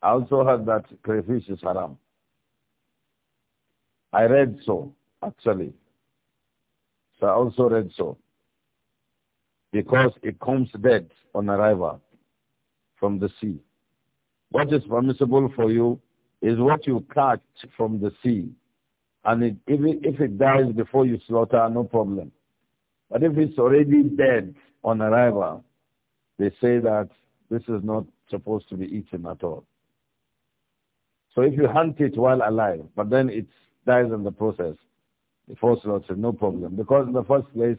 I also heard that crayfish is haram. I read so actually. So I also read so. Because it comes dead on arrival from the sea. What is permissible for you is what you catch from the sea. And it, if, it, if it dies before you slaughter, no problem. But if it's already dead on arrival, they say that this is not supposed to be eaten at all. So if you hunt it while alive, but then it dies in the process, the first Lord said, no problem. Because in the first place,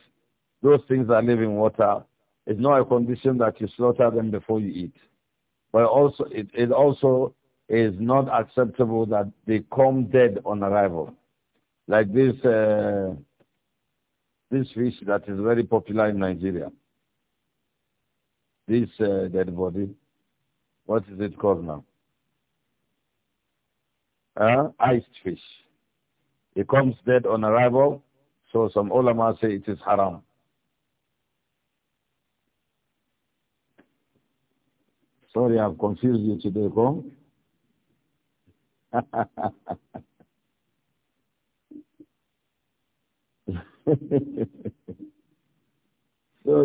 those things are living water. It's not a condition that you slaughter them before you eat. But also, it, it also is not acceptable that they come dead on arrival. Like this, uh, this fish that is very popular in Nigeria. This uh, dead body. What is it called now? Uh, iced fish. He comes dead on arrival, so some ulama say it is haram. Sorry, I've confused you today, Kong. [LAUGHS] so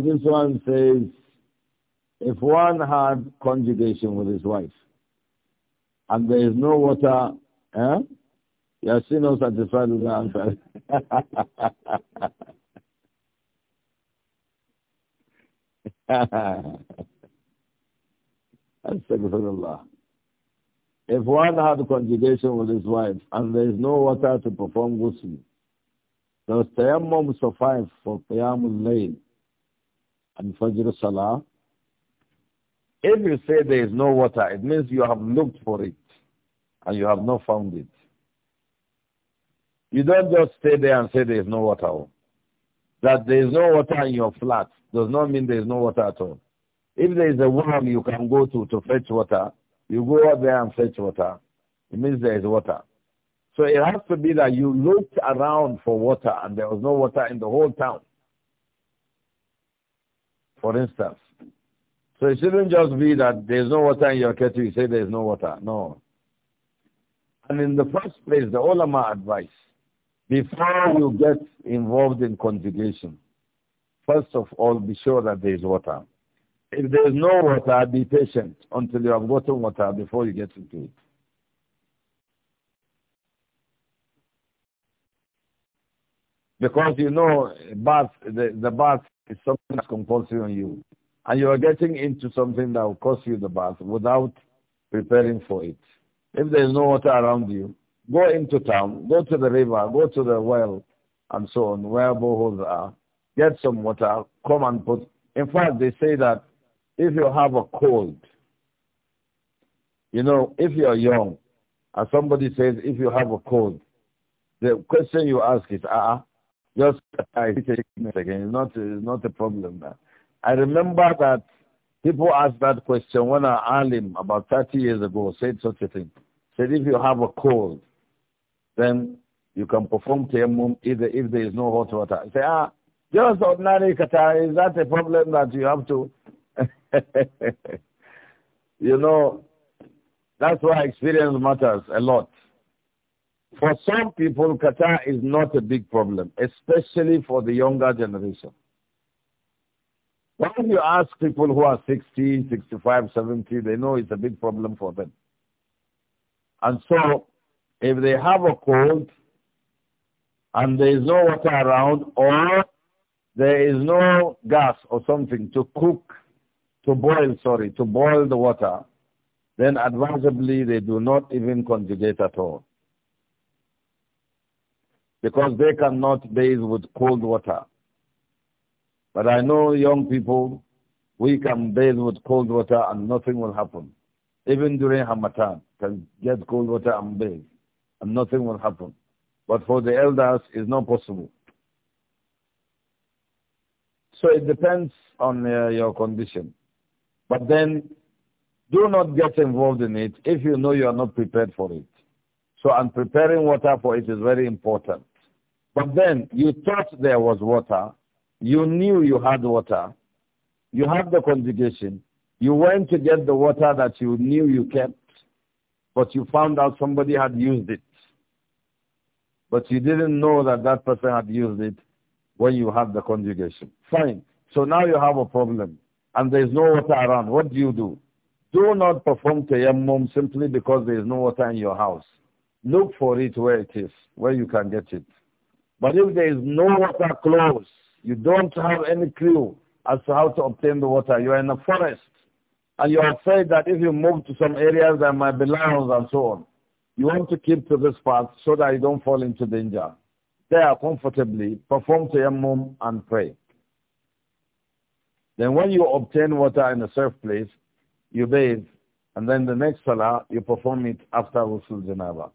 this one says, if one had conjugation with his wife, and there is no water, eh? You she knows that the with is answer. If one had conjugation with his wife and there is no water to perform ghusl, does tayammum suffice for qiyamul layl and fajr salah? If you say there is no water, it means you have looked for it and you have not found it. You don't just stay there and say there is no water. That there is no water in your flat does not mean there is no water at all. If there is a well you can go to to fetch water, you go out there and fetch water. It means there is water. So it has to be that you looked around for water and there was no water in the whole town. For instance. So it shouldn't just be that there's no water in your kettle, you say there's no water. No. And in the first place, the ulama advice before you get involved in conjugation, first of all, be sure that there is water. If there is no water, be patient until you have gotten water before you get into it. Because you know, bath, the, the bath is something that's compulsory on you. And you are getting into something that will cost you the bath without preparing for it. If there is no water around you, Go into town, go to the river, go to the well, and so on, where boreholes are. Get some water, come and put. In fact, they say that if you have a cold, you know, if you're young, and somebody says, if you have a cold, the question you ask is, ah, uh -uh, just I second. It's not, it's not a problem. Now. I remember that people asked that question when an alim about 30 years ago said such a thing. Said, if you have a cold, then you can perform tayammum either if there is no hot water. You say, ah, just ordinary kata, is that a problem that you have to? [LAUGHS] you know, that's why experience matters a lot. For some people, kata is not a big problem, especially for the younger generation. When you ask people who are 60, 65, 70, they know it's a big problem for them. And so if they have a cold and there is no water around or there is no gas or something to cook, to boil, sorry, to boil the water, then advisably they do not even conjugate at all. Because they cannot bathe with cold water. But I know young people, we can bathe with cold water and nothing will happen. Even during Hamatan, can get cold water and bathe and nothing will happen. But for the elders, it's not possible. So it depends on uh, your condition. But then, do not get involved in it if you know you are not prepared for it. So, and preparing water for it is very important. But then, you thought there was water. You knew you had water. You had the conjugation. You went to get the water that you knew you kept, but you found out somebody had used it. But you didn't know that that person had used it when you had the conjugation. Fine. So now you have a problem and there is no water around. What do you do? Do not perform tayammum simply because there is no water in your house. Look for it where it is, where you can get it. But if there is no water close, you don't have any clue as to how to obtain the water. You are in a forest and you are afraid that if you move to some areas there might be lions and so on. You want to keep to this path so that you don't fall into danger. There comfortably, perform tayammum and pray. Then when you obtain water in a safe place, you bathe, and then the next salah, you perform it after Rasul Janaba.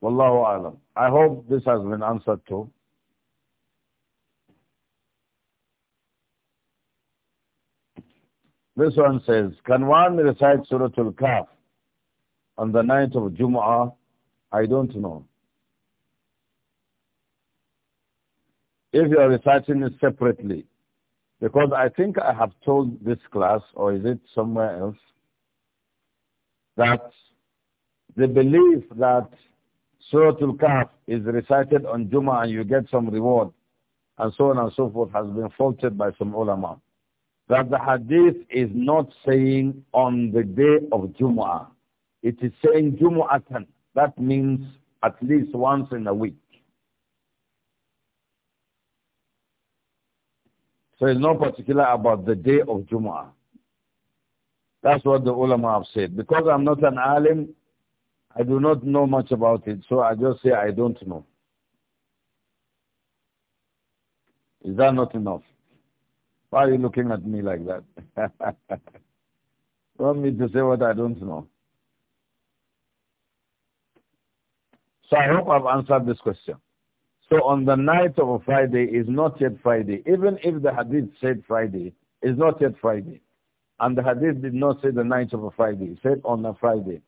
Wallahu alam. I hope this has been answered too. This one says, can one recite Surah Al-Kahf on the night of Jum'ah? I don't know. If you are reciting it separately, because I think I have told this class, or is it somewhere else, that the belief that Surah Al-Kahf is recited on Jummah and you get some reward, and so on and so forth, has been faulted by some ulama. That the hadith is not saying on the day of Jummah. It is saying Jumu'atan. That means at least once in a week. So it's not particular about the day of Jumu'ah. That's what the ulama have said. Because I'm not an alim, I do not know much about it, so I just say I don't know. Is that not enough? Why are you looking at me like that? [LAUGHS] want me to say what I don't know? So I hope I've answered this question. So on the night of a Friday is not yet Friday. Even if the hadith said Friday, it's not yet Friday. And the hadith did not say the night of a Friday. It said on a Friday.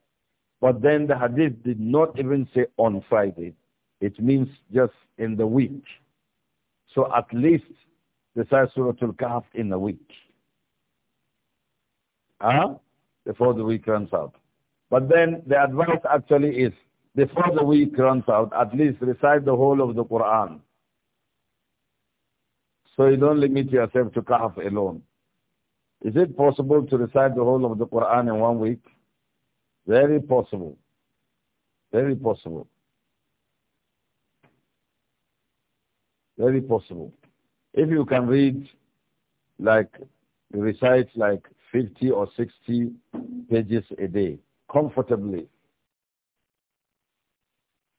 But then the hadith did not even say on Friday. It means just in the week. So at least the Surah Al-Kahf in a week. Huh? Before the week runs out. But then the advice actually is before the week runs out, at least recite the whole of the Quran. So you don't limit yourself to Kahf alone. Is it possible to recite the whole of the Quran in one week? Very possible. Very possible. Very possible. If you can read, like, recite like 50 or 60 pages a day comfortably,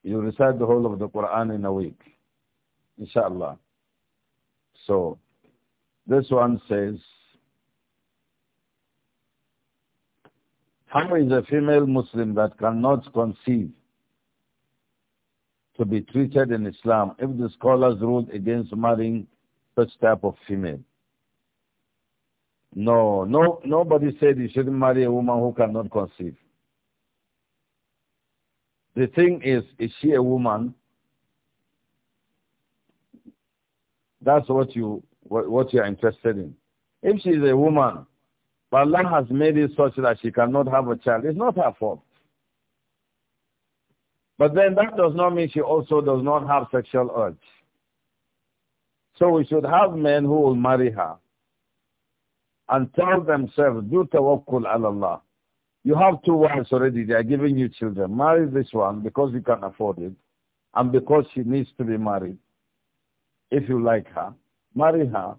you recite the whole of the Quran in a week. Inshallah. So, this one says, How is a female Muslim that cannot conceive to be treated in Islam if the scholars ruled against marrying such type of female? No, no, nobody said you shouldn't marry a woman who cannot conceive. The thing is, is she a woman? That's what you what, what you are interested in. If she is a woman, but Allah has made it such that she cannot have a child, it's not her fault. But then that does not mean she also does not have sexual urge. So we should have men who will marry her and tell themselves, do tawakkul ala Allah. You have two wives already. They are giving you children. Marry this one because you can afford it and because she needs to be married. If you like her, marry her.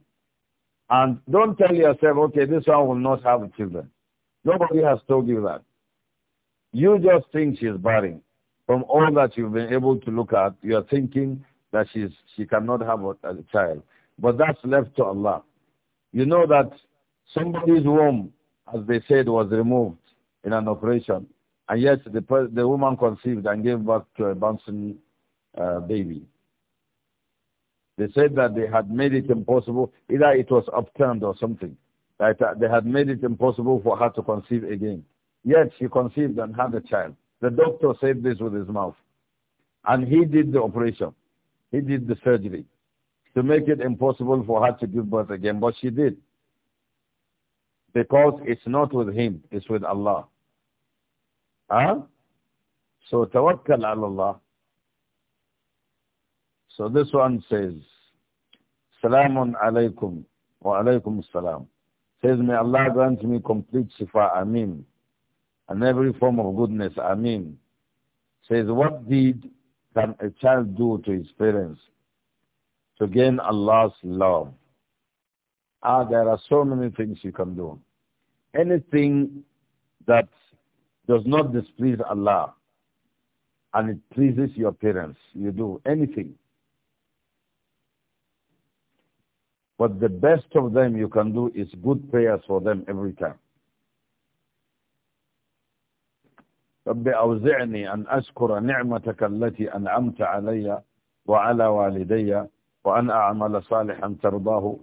And don't tell yourself, okay, this one will not have children. Nobody has told you that. You just think she's barren. From all that you've been able to look at, you're thinking that she's, she cannot have a, a child. But that's left to Allah. You know that somebody's womb, as they said, was removed in an operation. And yet the, the woman conceived and gave birth to a bouncing uh, baby. They said that they had made it impossible, either it was upturned or something, that they had made it impossible for her to conceive again. Yet she conceived and had a child. The doctor said this with his mouth. And he did the operation. He did the surgery to make it impossible for her to give birth again, but she did. Because it's not with him, it's with Allah. Huh? So tawakkal ala Allah. So this one says, Salamun alaykum wa alaykum salam. Says, may Allah grant me complete shifa, ameen. And every form of goodness, ameen. Says, what deed can a child do to his parents to gain Allah's love? Ah, there are so many things you can do. Anything that does not displease Allah and it pleases your parents, you do anything. But the best of them you can do is good prayers for them every time. رب أوزعني أن أشكر نعمتك التي أنعمت علي وعلى والدي وأن أعمل صالحا ترضاه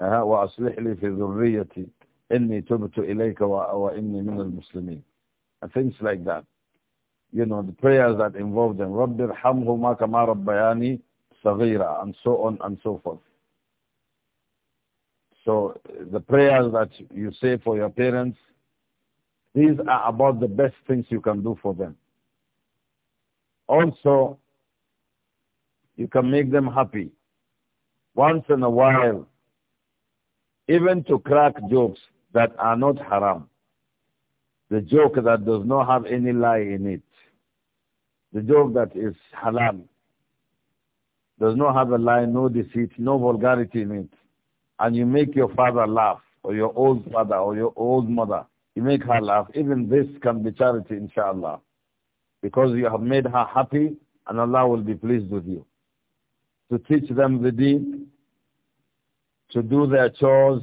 وأصلح لي في ذريتي إني تبت إليك وإني من المسلمين and things like that. You know, the prayers that involve them, رَبِّ ارْحَمْهُمَا كَمَا Bayani Savira and so on and so forth. So the prayers that you say for your parents, these are about the best things you can do for them. Also, you can make them happy. Once in a while, even to crack jokes that are not haram. The joke that does not have any lie in it. The joke that is halal. Does not have a lie, no deceit, no vulgarity in it. And you make your father laugh, or your old father, or your old mother. You make her laugh. Even this can be charity, inshallah. Because you have made her happy, and Allah will be pleased with you. To teach them the deen, to do their chores,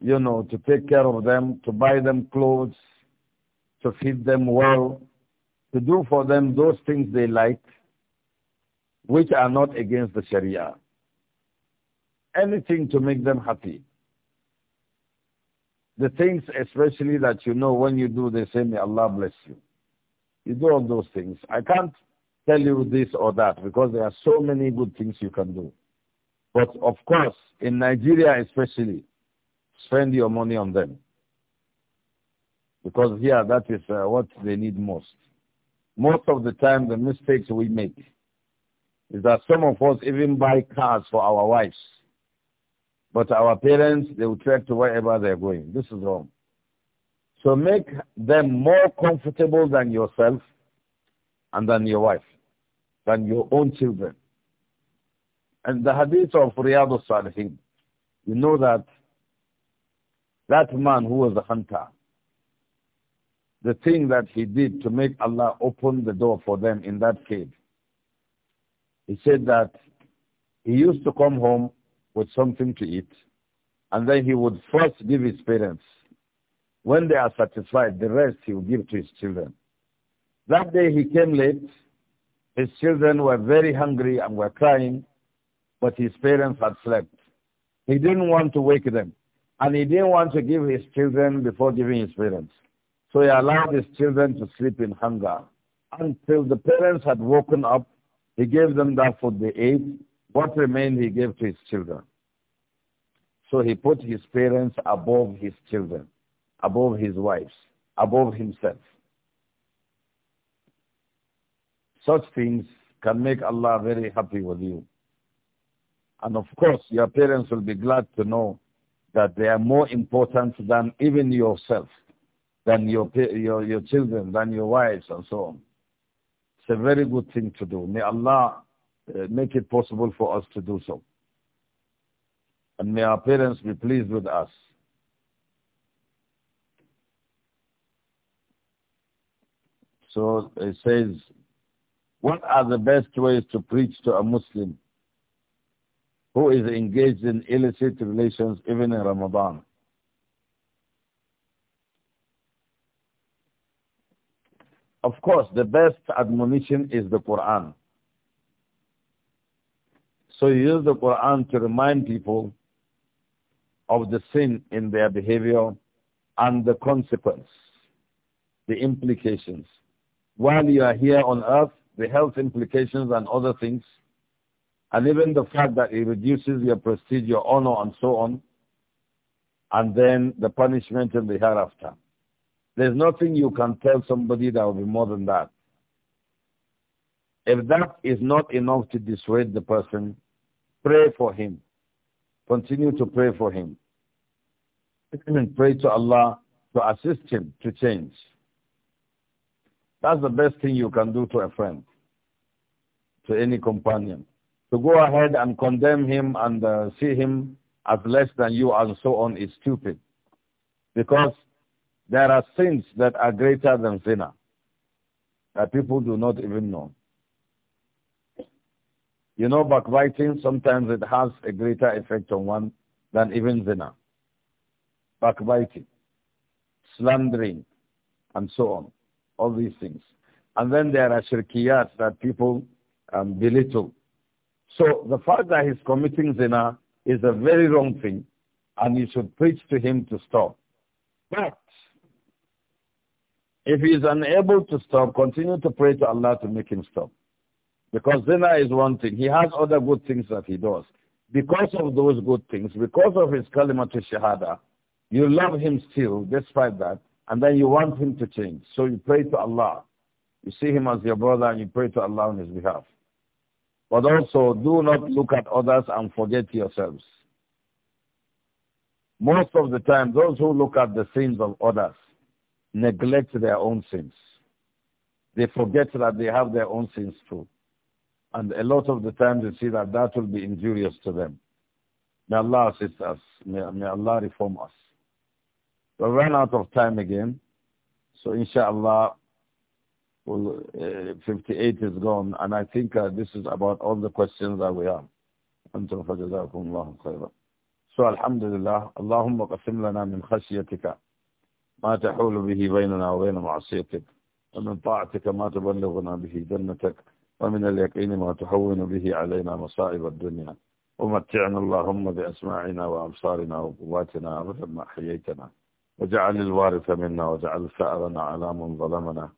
you know, to take care of them, to buy them clothes, to feed them well, to do for them those things they like, which are not against the Sharia. Anything to make them happy. The things especially that you know when you do, they say, may Allah bless you. You do all those things. I can't tell you this or that because there are so many good things you can do. But of course, in Nigeria especially, Spend your money on them. Because here, that is uh, what they need most. Most of the time, the mistakes we make is that some of us even buy cars for our wives. But our parents, they will trek to wherever they're going. This is wrong. So make them more comfortable than yourself and than your wife, than your own children. And the hadith of Riyadh al-Salihin, you know that that man who was a hunter, the thing that he did to make Allah open the door for them in that cave, he said that he used to come home with something to eat, and then he would first give his parents. When they are satisfied, the rest he would give to his children. That day he came late. His children were very hungry and were crying, but his parents had slept. He didn't want to wake them. And he didn't want to give his children before giving his parents. So he allowed his children to sleep in hunger. Until the parents had woken up, he gave them that food they ate. What remained he gave to his children. So he put his parents above his children, above his wives, above himself. Such things can make Allah very happy with you. And of course, your parents will be glad to know that they are more important than even yourself, than your, your, your children, than your wives, and so on. It's a very good thing to do. May Allah uh, make it possible for us to do so. And may our parents be pleased with us. So it says, what are the best ways to preach to a Muslim? who is engaged in illicit relations even in Ramadan. Of course, the best admonition is the Quran. So you use the Quran to remind people of the sin in their behavior and the consequence, the implications. While you are here on earth, the health implications and other things and even the fact that it reduces your prestige, your honor, and so on, and then the punishment in the hereafter. There's nothing you can tell somebody that will be more than that. If that is not enough to dissuade the person, pray for him. Continue to pray for him. And pray to Allah to assist him to change. That's the best thing you can do to a friend, to any companion to go ahead and condemn him and uh, see him as less than you and so on is stupid. Because there are sins that are greater than zina that people do not even know. You know, backbiting, sometimes it has a greater effect on one than even zina. Backbiting, slandering, and so on. All these things. And then there are shirkiyat that people um, belittle so the fact that he's committing zina is a very wrong thing, and you should preach to him to stop. But if he is unable to stop, continue to pray to Allah to make him stop. Because zina is one thing. He has other good things that he does. Because of those good things, because of his kalima to shahada, you love him still, despite that, and then you want him to change. So you pray to Allah. You see him as your brother and you pray to Allah on his behalf. But also, do not look at others and forget yourselves. Most of the time, those who look at the sins of others neglect their own sins. They forget that they have their own sins too. And a lot of the time, they see that that will be injurious to them. May Allah assist us. May, may Allah reform us. We ran run out of time again. So inshallah, well, uh, 58 is gone, and I think uh, this is about all the questions that we have. أنتم فجزاكم الله خيرا. So الحمد لله اللهم قسم لنا من خشيتك ما تحول به بيننا وبين معصيتك ومن طاعتك ما تبلغنا به جنتك ومن اليقين ما تحون به علينا مصائب الدنيا ومتعنا اللهم بأسماعنا وأبصارنا وقواتنا أبدا ما حييتنا وجعل الوارث منا وجعل ثأرنا على من ظلمنا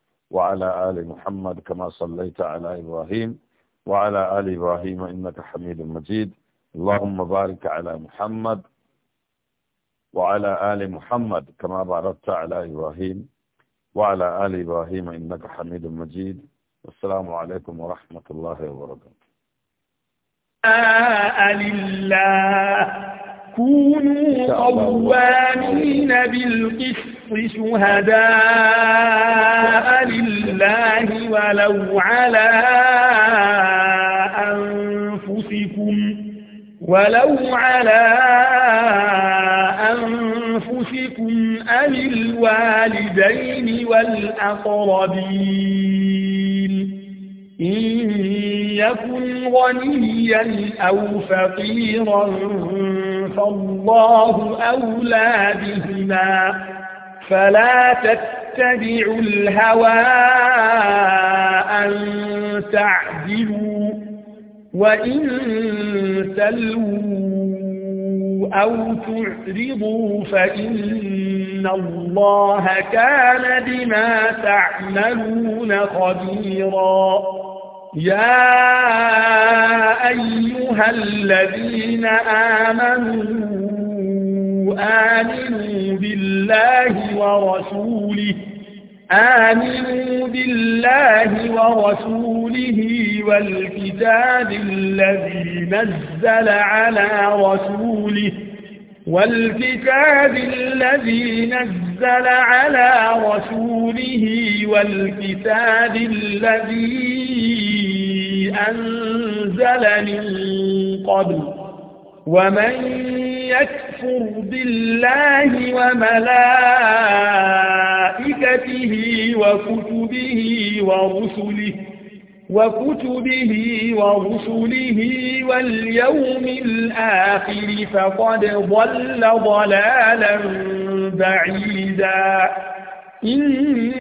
وعلى آل محمد كما صليت على إبراهيم وعلى آل إبراهيم إنك حميد مجيد اللهم بارك على محمد وعلى آل محمد كما باركت على إبراهيم وعلى آل إبراهيم إنك حميد مجيد والسلام عليكم ورحمة الله وبركاته آه، لله كونوا قوامين بالقسط شهداء لله ولو على أنفسكم ولو على أنفسكم أم الوالدين والأقربين إن يكن غنيا أو فقيرا فالله أولى بهما فلا تتبعوا الهوى أن تعدلوا وإن تلووا أو تعرضوا فإن الله كان بما تعملون خبيرا يا أيها الذين آمنوا آمنوا بالله ورسوله آمنوا بالله ورسوله والكتاب الذي نزل على رسوله والكتاب الذي نزل على رسوله والكتاب الذي أنزل من قبل ومن يكفر بالله وملائكته وكتبه ورسله وكتبه ورسله واليوم الآخر فقد ضل ضلالا بعيدا